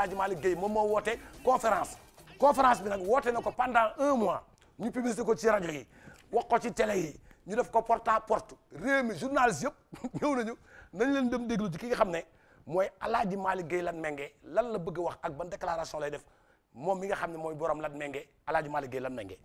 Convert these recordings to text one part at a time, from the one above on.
Hadj Malick Gueye moom moo woote conférence conférence bi nag woote na ko pendant un mois ñu publicité ko ci rajo yi wax ko ci télé yi ñu def ko porte à porte réew mi journaliste yëpp ñëw nañu nañ leen dem déglu ci ki nga xam ne mooy El Hadj Malick Gueye lan menge lan la bëgg wax ak ban déclaration lay def moom mi nga xam ne mooy borom lan menge El Hadj Malick Gueye lan menge.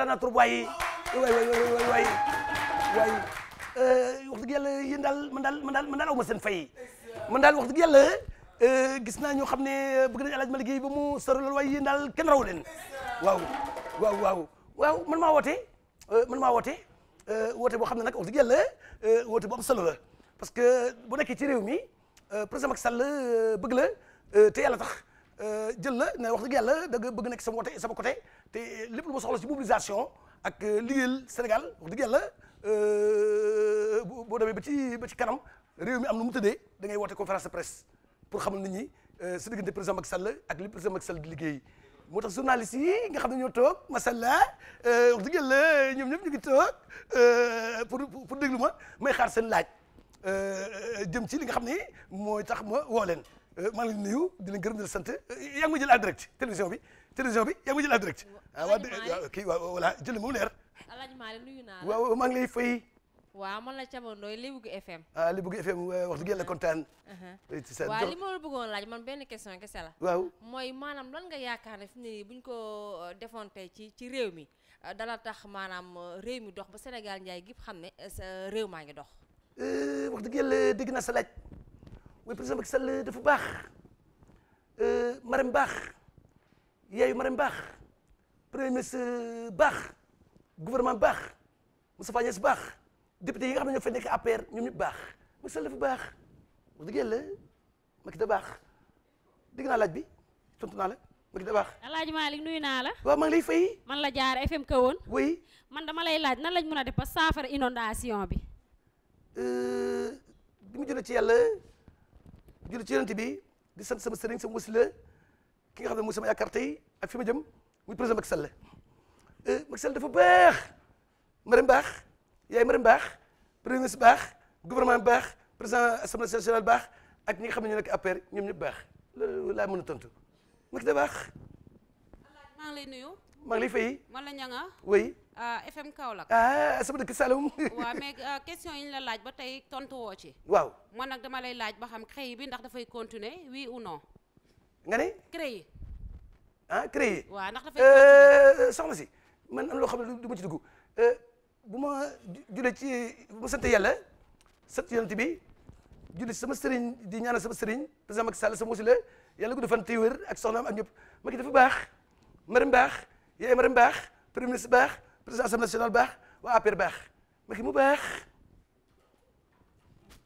ta na trop waaye waay waay waay waay waay euh, wax dëgg yàlla yéen daal man daal man daal man daal aw ma seen fay man daal wax dëgg yàlla euh, gis naa ñoo xam ne bëgg nañ alaaj ma liggéey ba mu sori lool waaye yéen daal kenn raw leen waaw waaw waaw waaw man maa woote euh, man maa woote woote boo xam ne nag wax dëgg yàlla woote bu am solo la parce que bu nekkee ci réew mi président Macky Sall bëgg la te yàlla tax Euh, jël la ne wax dëgg yàlla da nga bëgg nekk sama côté sama côté te li lu ma soxla ci mobilisation ak euh, liggéeyal Sénégal wax dëgg yàlla euh, boo demee ba ci ba ci kanam réew mi am lu mu tëddee da ngay woote conférence de presse pour xamal nit ñi sa diggante président Macky Sall ak li président Macky Sall di liggéey moo tax journaliste yi nga xam ne ñoo toog masalla wax dëgg yàlla ñoom ñëpp ñu ngi toog pour pour déglu ma may xaar seen laaj jëm ci li nga xam ni mooy tax ma woo leen. Euh, maa ngi leen di nuyu di leen gërëm di sant euh, yaa ngi jël en direct télévision bi télévision bi yaa ngi jël a direct. waa kii waaw voilà jël moom laaj Alaaji Maalik nuyu naa la waaw maa ngi lay fay. waaw man la Thiaba Ndoye Lébu FM. li bugg gi FM ah, wax dëgg yàlla kontaan. Uh-huh. Eh, waaw li ma la bëggoon laaj man benn question kese la. waaw mooy maanaam lan nga yaakaar ne fi mu ne nii bu ñu ko euh, defoon tey ci ci réew mi dala tax maanaam réew mi dox ba Sénégal njaay gi xam ne sa réew maa ngi dox. Eh, dégg naa sa laaj. mooy président Macky Sall dafa baax euh, Marème baax yaayu Marème baax premier ministre euh, baax gouvernement baax Moustapha Niasse baax député yi nga xam ne ñoo fay nekk APR ñoom ñëpp baax Macky la dafa baax wax dëgg yàlla Macky da baax dégg naa laaj bi tontu naa la Macky da baax. Alaaji Malick nuyu naa la. waaw maa ngi lay fay. man la jaar FM kawoon. oui man dama lay laaj nan lañ mën a def ba saafara inondation bi. bi euh, mu jëlee ci yàlla. julli ci yonent bi di sant sama sëriñ sama wasila ki nga xam ne mooy sama a tey ak fi ma jëm muy président Macky Sall euh, Macky Sall baax Marème baax yaay Marème baax premier ministre baax gouvernement baax président assemblée nationale baax ak ki nga xam ne ñu nekk APR ñoom ñëpp baax loolu laa mën a tontu Macky da baax. maa ngi lay nuyu. maa ngi lay fay. man la ñanga ah. oui. Ah, FM Kaolack. ah sama dëkk Saloum. waaw mais ah, question yi ñu la laaj ba tey tontu ci. waaw man nag dama lay laaj ba xam CREI bi ndax dafay continuer oui ou non. nga ne. CREI. ah CREI. waaw ndax dafay euh, continuer soxna si man loo xam ne du ma euh, ci bu ma julee ci bu ma yàlla sant yonent bi julli sama sëriñ di ñaanal sama sëriñ président Macky Sall sama la yàlla gudd fan te ak soxnaam ak ñëpp Macky dafa baax marim baax. IMRM baax premier ministre baax président assemblée nationale baax waa APR baax Macky mu baax.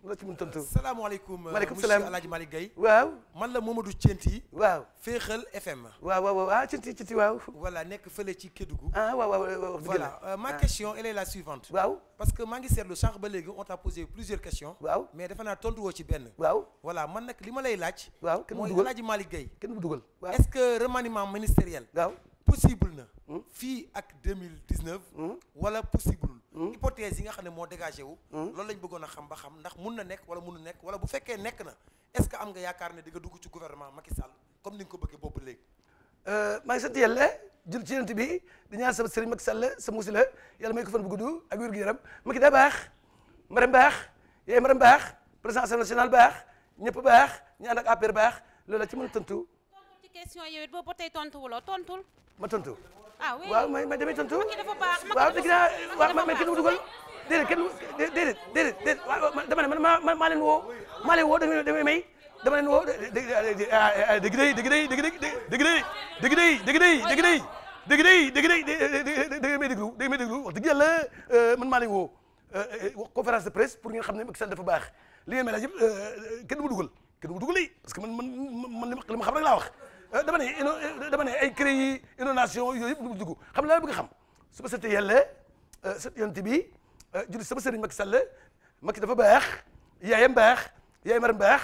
la ci mën tontu salaamaaleykum euh, maaleykum salaam monsieur El Hadj Malick Guèye waaw man la Momadou Thienti waaw Féexal FM waaw waaw waaw ah Thienti Thienti waaw voilà nekk fële ci Kédougou ah waaw waaw wax dëgg la voilà euh, ma ah. question elle est la suivante waaw parce que maa ngi seetlu sànq ba léegi on t'a posé plusieurs questions waaw mais dafa naa tontu woo ci benn waaw voilà man nag li ma lay laaj waaw kenn mooy El Hadj Malick Guèye kenn bu dugal est-ce que remaniement ministériel waaw possible fii ak deux mille hmm? wala possible. Hmm? hypothèse yi nga xam ne moo dégagé wu. Hmm? loolu lañ bëggoon a xam ba xam ndax mun na nekk wala na nekk wala bu fekkee nekk na est-ce que am nga yaakaar ne di nga dugg ci gouvernement Macky Sall comme ni nga ko bëggee boobu léegi. Euh, maa ngi jël ci bi di ñaan sama sëriñ Sall sa musi la yàlla may ko fan bu gudd ak wér gu yaram Macky daa baax maram baax yaay maram baax président assemblée nationale baax ñëpp baax ñu ànd ak APR baax loolu la ci mën a tontu. tontu ci question yow it boobu ba tey tontu wuloo tontul. ma ah oui waaw ma ma demee tontu. waaw dëgg naa waaw man kenn mu dugal. déedéet kenn déedéet déedéet déedéet waaw dama ne man maa maa leen woo maa leen woo da nga may dama leen woo dëgg ah, ah, day dëgg day dëgg day dëgg day dëgg day dëgg day dëgg day dëgg day dëgg day dëgg may déglu dëgg may déglu wax dëgg yàlla euh, man maa leen woo euh, euh, conférence de presse pour ngeen xam ne Macky Sall dafa baax li ngeen may laaj yëpp kenn du ma dugal kenn du ma dugal parce que man man man li ma xam rek laa wax Eh, dama ne ino eh, dama ne ay crédit inondation yooyu yëpp dugg dugg xam la bëgg xam su ma seetee yàlla eh, set yonent bi julli sama baax yaayam baax yaay baax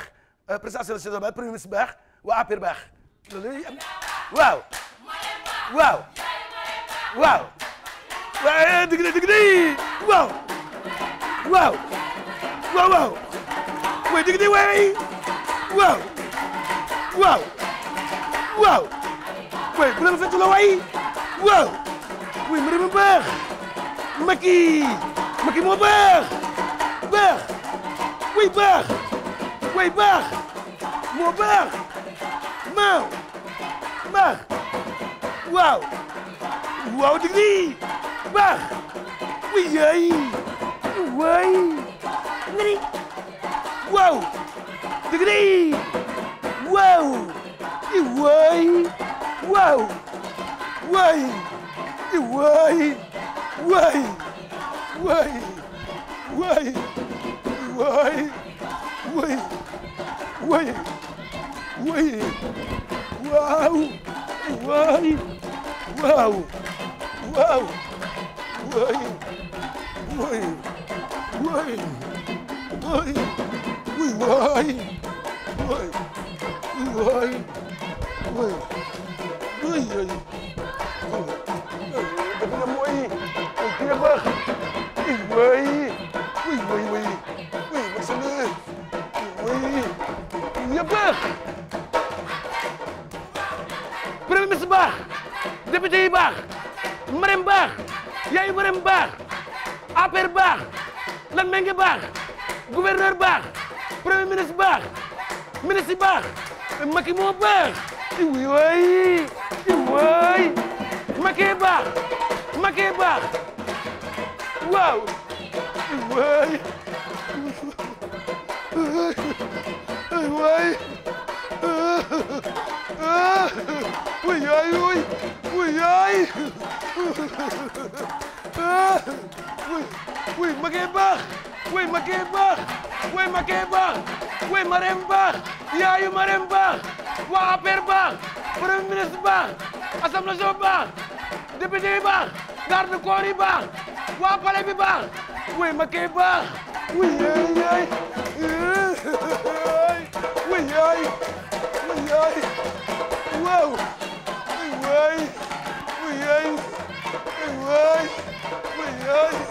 waa APR baax loolu am waaw waaw waaw waaw dëgg na waaw way bu leen fecc la way way mbir mi baax Macky moo baax baax way baax way baax moo baax maaw baax waaw waaw dig di baax way yaay waay nga ni waaw dig di Iway waaw way Iway way way way way way way way waaw way waaw waaw way way way way way way way oui oui dafina mooy dina baax waay oui oui oui oui masala oui ya baax premier ministre baax député yi baax marem baax yaay marem baax APR baax lan menge baax gouverneur baax premier ministre baax ministre baax Macky moo baax iwuy wëy iwuy makee baax makee baax waaw iwuy iwuy wuy yooy wuy wuy yooy wuy wuy makee baax wuy makee baax wuy makee baax wuy mareem baax yaayu mareem baax waa premier ministre baax assemblée nationale baax député yi baax garde corps ba waa palais bi baax ma kay ba wuy yooy yooy wuy yooy wuy yooy waaw wuy yooy wuy yooy wuy yooy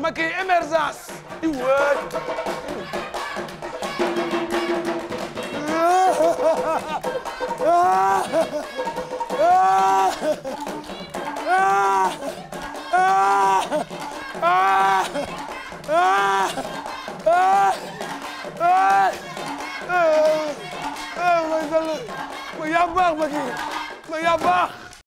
Macky émergence i wëy ma yaa baax Macky ma yaa baax